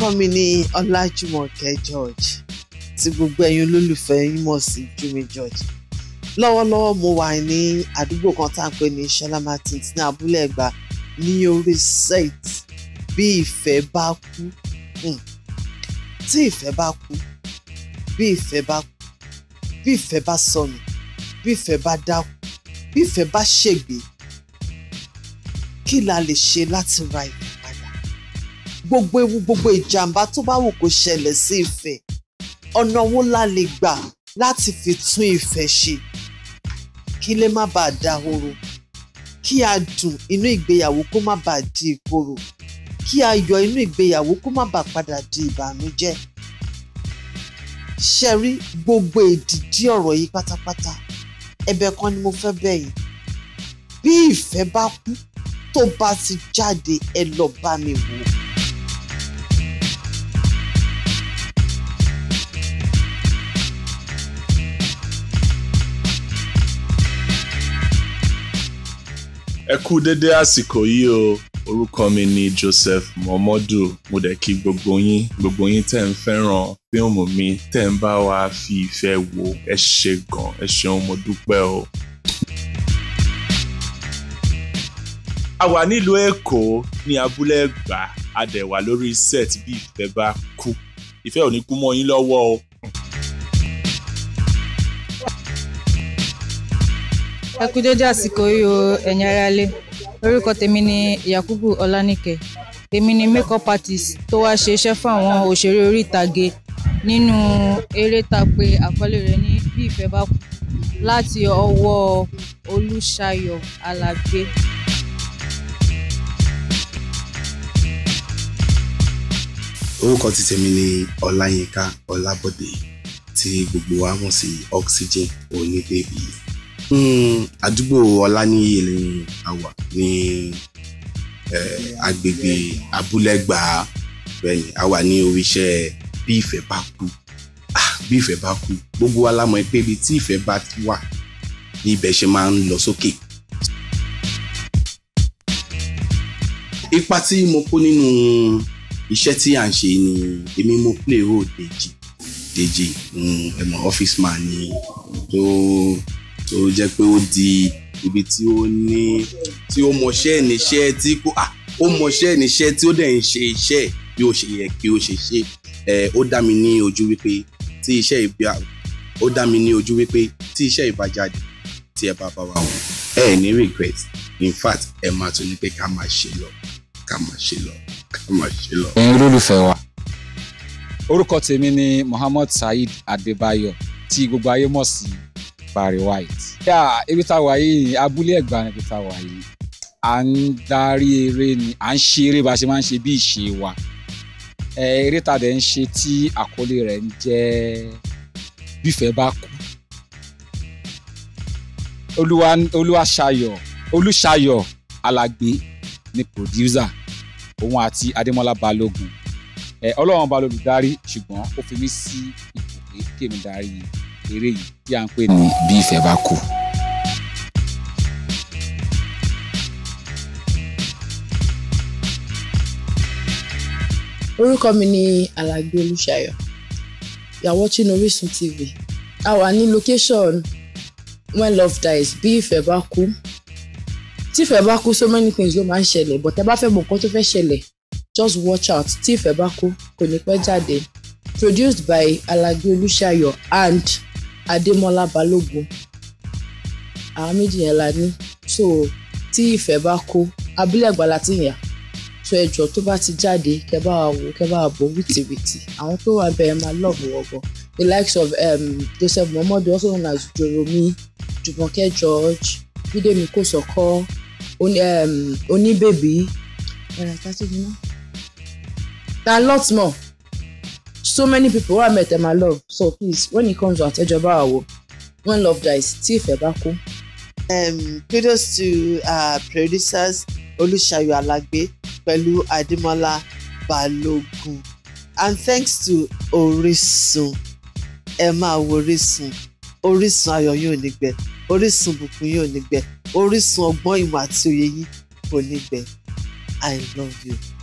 Orúkọ mi ni Ọlájùmọ̀kẹ́ George tí gbogbo ẹ̀yin olólùfẹ́ yín mọ̀ sí Jùmí George. Lọ́wọ́lọ́wọ́ mo wà ní àdúgbò kan tá à ń pè ní Ṣọlá Martins ní Abúlé Ẹ̀gbá ní orí set bí ìfẹ́ bá kú hmm, tí ìfẹ́ bá kú bí ìfẹ́ bá kú bí ìfẹ́ bá sọnù bí ìfẹ́ bá dákú bí ìfẹ́ bá ṣègbè kí la lè ṣe láti ra ìfẹ́ gbogbo ewu gbogbo ìjàmbá tó bá wù kó ṣẹlẹ̀ sí Ifẹ̀ ọ̀nà wo la lè gbà láti fi tún Ifẹ̀ ṣe kí lè má bàa dahoro kí adùn inú ìgbéyàwó kó má bàa di ìkorò kí ayọ̀ inú ìgbéyàwó kó má bàa padà di ìbànújẹ́ ṣe rí gbogbo èdìdí ọ̀rọ̀ yìí pátápátá ẹ̀bẹ̀ kan ni mo fẹ́ bẹ̀ yìí bí ìfẹ́ bá kú tó bá ti jáde ẹ lọ bá mi wò ó. ẹ kú dédé àsìkò yìí o orúkọ mi ni Joseph Momodu mo dẹ̀ kí gbogbo yín gbogbo yín tẹ̀ ń fẹ́ràn fíìmù mi tẹ̀ ń bá wa fi ìfẹ́ wo ẹ ṣe gan ẹ ṣeun mo dúpẹ́ o. a wà nílùú Èkó ní abúlé Ẹ̀gbá a dẹ̀ wà lórí set bí ìfẹ́ bá kú ìfẹ́ ò ní kú mọ́ yín lọ́wọ́ o ẹ kú dédé àsìkò yìí o ẹ̀yin ará lé orúkọ tèmi ni Yakubu Ọlánìkẹ́ èmi ni makeup artist tó wá ṣe iṣẹ́ fún àwọn òṣèré orí ìtàgé nínú eré tá a pè àkọlé rẹ̀ ní bí ìfẹ́ bá kú láti ọwọ́ Olúṣayọ̀ Alábí. orúkọ ti tèmi ni Ọláyínká Ọlábọ̀dé tí gbogbo wa mọ̀ sí Oxygen oníbèbí. Hmm, àdúgbò ọláníyè ni a wà ní eh, agbègbè abúlẹ́gbà bẹ́ẹ̀ni a wà ní orí iṣẹ́ bí ìfẹ́ bá kú ah, bí ìfẹ́ bá kú gbogbo wa la mọ̀ pé ibi tí ìfẹ́ bá wà ní ibẹ̀ ṣe máa ń lọ sókè. ipa tí mo kó nínú iṣẹ́ tí à ń ṣe ni èmi mo play role Deji Deji hmm, ẹ̀mọ̀ office man ni tó. So, tó jẹ́ pé ó di ibi tí ó ní tí ó mọṣẹ́ níṣẹ́ tí kò à ó mọṣẹ́ níṣẹ́ tí ó dẹ̀ ń ṣe iṣẹ́ bí ó ṣe yẹ kí ó ṣe ṣe ẹ ó dá mi ní ojú wípé tí iṣẹ́ ìbá ó dá mi ní ojú wípé tí iṣẹ́ ìbájáde tí ẹ bá bá wa wò ẹ ní regret in fact ẹ máa tún ní pé ká máa ṣe lọ ká máa ṣe lọ ká máa ṣe lọ. ẹ̀yin olólùfẹ́ wa orúkọ tèmi ni Muhammad Saheed Adébáyọ̀ tí gbogbo ayé mọ̀ sí Barry White. yà ibi tá a wà yìí abúlé ẹ̀gbá ni ibi tá a wà yìí à ń darí eré ni à ń ṣe eré bá a ṣe máa ń ṣe bí ìṣe wa eré tàdé ń ṣe tí àkọlé rẹ̀ ń jẹ́ bífẹ́ bá kú olúwaṣayọ̀ olúṣayọ̀ alágbé ni pòdúsà òun àti adémọ́lá balógun ọlọ́run balógun darí ṣùgbọ́n ó fi mí sí ipò pé darí yìí eré yìí tí à ń pè ní hmm, bí ìfẹ́ bá kú. orúkọ mi ni alagbe olùṣayọ you are watching Orisun TV a wà ní location when love dies bí ìfẹ́ bá kú tí ìfẹ́ bá kú so many things ló máa ń ṣẹlẹ̀ but ẹ bá fẹ́ mọ̀ nǹkan tó fẹ́ ṣẹlẹ̀ just watch out tí ìfẹ́ bá kú kò ní pẹ́ jáde produced by alagbe olùṣayọ and adémọ́lá balógun àwọn méjì yẹn la ní so tí ìfẹ́ bá kó abílẹ̀ àgbàlá ti yàn so ẹjọ́ tó bá ti jáde kẹ bá wa wò kẹ bá wa bò wìtìwìtì àwọn tó wà bẹ́ẹ̀ máa lọ́ọ̀bù wọ̀gbọ̀ the likes of um, joseph muhammadu also known as joromi jùmọ̀kẹ́ george bídèmí kòsọ̀kọ́ um, oníbèbí ẹ̀rọ ìtàtúndínlá ta lot more so many people I met mẹ́tẹ̀ I love so please when it comes to àtẹ́jọba àwọ̀ when love dies tí ìfẹ́ bá kú. Um, kudos to uh, producers Olúṣayọ̀ Alágbé pẹ̀lú Adimola Balógun and thanks to Orísun Emma máa wo Orísun Orísun ayọ̀ yóò nígbẹ Orísun bùkún yóò nígbẹ Orísun ọgbọ́n ìmọ̀ àti òye I love you.